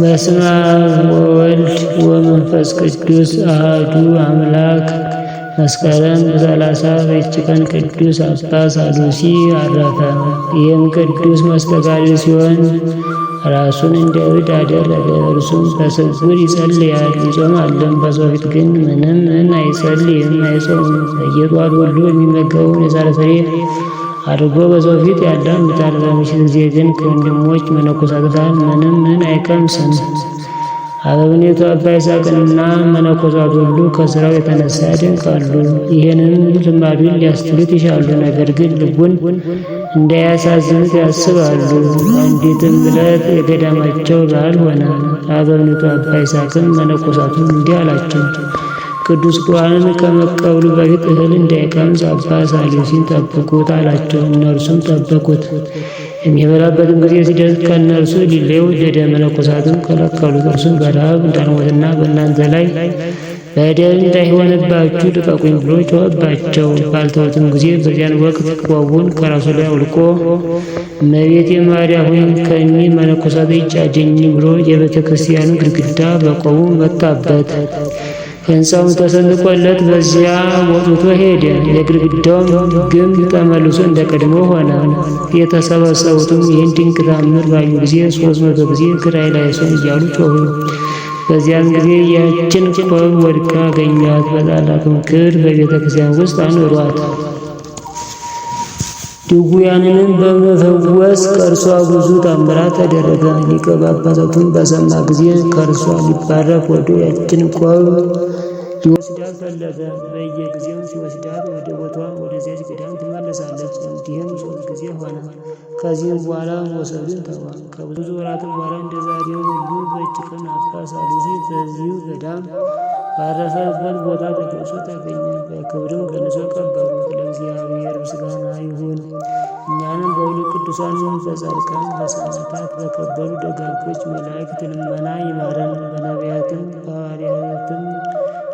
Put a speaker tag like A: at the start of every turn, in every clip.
A: በስመ አብ ወወልድ ወመንፈስ ቅዱስ አህዱ አምላክ። መስከረም ሰላሳ በዚች ቀን ቅዱስ አባ ሳሉሲ አረፈ። ይህም ቅዱስ መስተጋድል ሲሆን ራሱን እንደ እብድ አደረገ። እርሱም በስውር ይጸልያል ይጾማልም፣ በሰው ፊት ግን ምንም ምን አይጸልይም አይጾምም። በየጧት ሁሉ የሚመገበውን የሳር ፍሬ አድርጎ በሰው ፊት ያዳምጣል። በምሽት ጊዜ ግን ከወንድሞች መነኮሳት ጋር ምንም ምን አይቀምስም። አበብኔቱ አባ ይስሐቅና መነኮሳት ሁሉ ከስራው የተነሳ ያደንቃሉ። ይህንን ልማዱን ሊያስጥሉት ይሻሉ። ነገር ግን ልቡን እንዳያሳዝኑት ያስባሉ። አንዲትም ዕለት የገዳማቸው በዓል ሆነ። አበብኔቱ አባ ይስሐቅም መነኮሳቱን እንዲህ አላቸው። ቅዱስ ቁርባንን ከመቀበሉ በፊት እህል እንዳይቀምስ አባ ሳሊዮስን ጠብቁት አላቸው። እነርሱም ጠበቁት። የሚበላበትም ጊዜ ሲደርስ ከእነርሱ ሊሌው ደቀ መነኮሳትን ከለከሉት። እርሱም በረሃብ እንዳልሞትና በእናንተ ላይ በደል እንዳይሆንባችሁ ልቀቁኝ ብሎ ጮኸባቸው። ባልተውትም ጊዜ በዚያን ወቅት ቆቡን ከራሱ ላይ አውልቆ እመቤቴ ማርያም ሆይ ከእኚህ መነኮሳት እጅ አድኚኝ ብሎ የቤተ ክርስቲያኑ ግድግዳ በቆቡ መታበት። ሕንፃውም ተሰንቆለት በዚያ ወጥቶ ሄደ። የግድግዳውም ግንብ ተመልሶ እንደ ቀድሞ ሆነ። የተሰበሰቡትም ይህን ድንቅ ታምር ባዩ ጊዜ ሶስት መቶ ጊዜ ክራይ ሰን እያሉ ጮሁ። በዚያም ጊዜ ያችን ቆብ ወድቃ አገኛት በታላቅም ክብር በቤተ ክርስቲያን ውስጥ አኖሯት። ድውያንንም በመፈወስ ከእርሷ ብዙ ታምራት ተደረገ። ሊቀ ጳጳሳቱም በሰማ ጊዜ ከእርሷ ሊባረክ ወደ ያችን ቆብ ሊወስዳት ፈለገ። በየጊዜው ሲወስዳት ወደ ቦታዋ ወደዚያች ገዳም ትመለሳለች። እንዲህም ሶስት ጊዜ ሆነ። ከዚህም በኋላ ወሰዱን ተዋ። ከብዙ ወራት በኋላ እንደ ዛሬው ሁሉ በእጅ ቀን አባ ሳሉሲ በዚሁ ገዳም ባረፈበት ቦታ ተቀርጾ ተገኘ። በክብርም ገንዞ ቀበሩት ለእግዚአብሔር በቅዱሳን በጻድቃን አርካን በሰማዕታት በከበሩ ደጋጎች መላእክት ልመና ይማረን። በነቢያትም በሐዋርያትም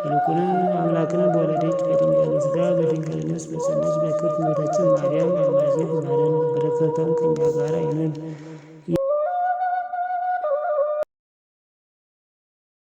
A: ይልቁንም አምላክን በወለደች በድንግል ሥጋ በድንግል በጸነች በክብርት እመቤታችን ማርያም አማላጅነት ይማረን። በረከቷም ከእኛ ጋር ይሁን።